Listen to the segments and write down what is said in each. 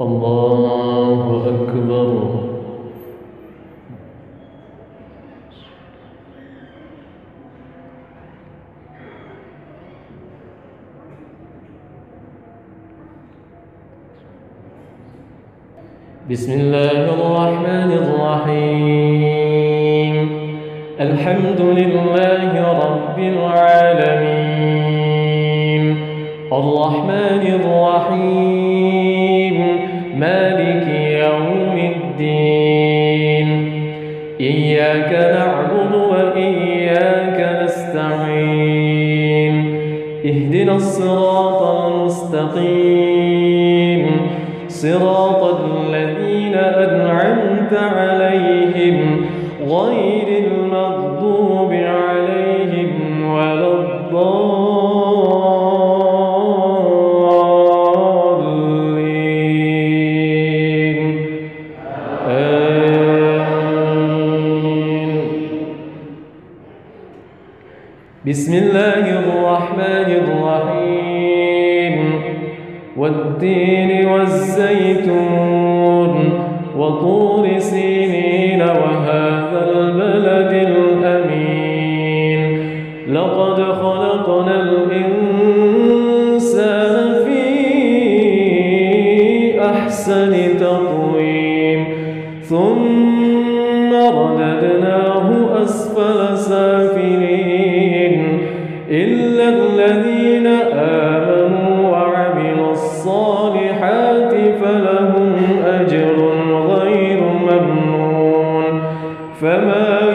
الله أكبر بسم الله الرحمن الرحيم الحمد لله رب العالمين الرحمن الرحيم نعبد وإياك نستعين اهدنا الصراط المستقيم صراط الذين أنعمت عليهم غير المغضوب بسم الله الرحمن الرحيم والدين والزيتون وطور سينين وهذا البلد الأمين لقد خلقنا الإنسان في أحسن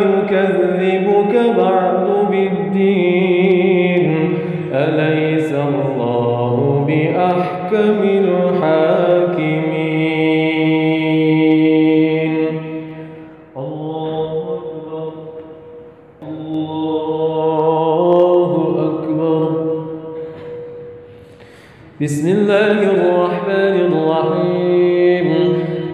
يكذبك بعض بالدين أليس الله بأحكم الحاكمين الله أكبر الله أكبر بسم الله الرحمن الرحيم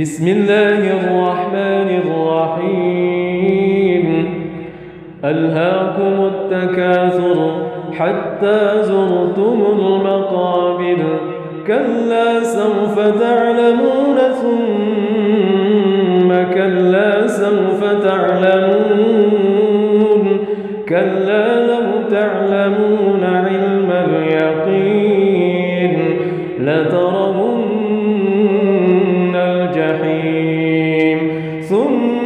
بسم الله الرحمن الرحيم ألهاكم التكاثر حتى زرتم المقابر كلا سوف تعلمون ثم ثم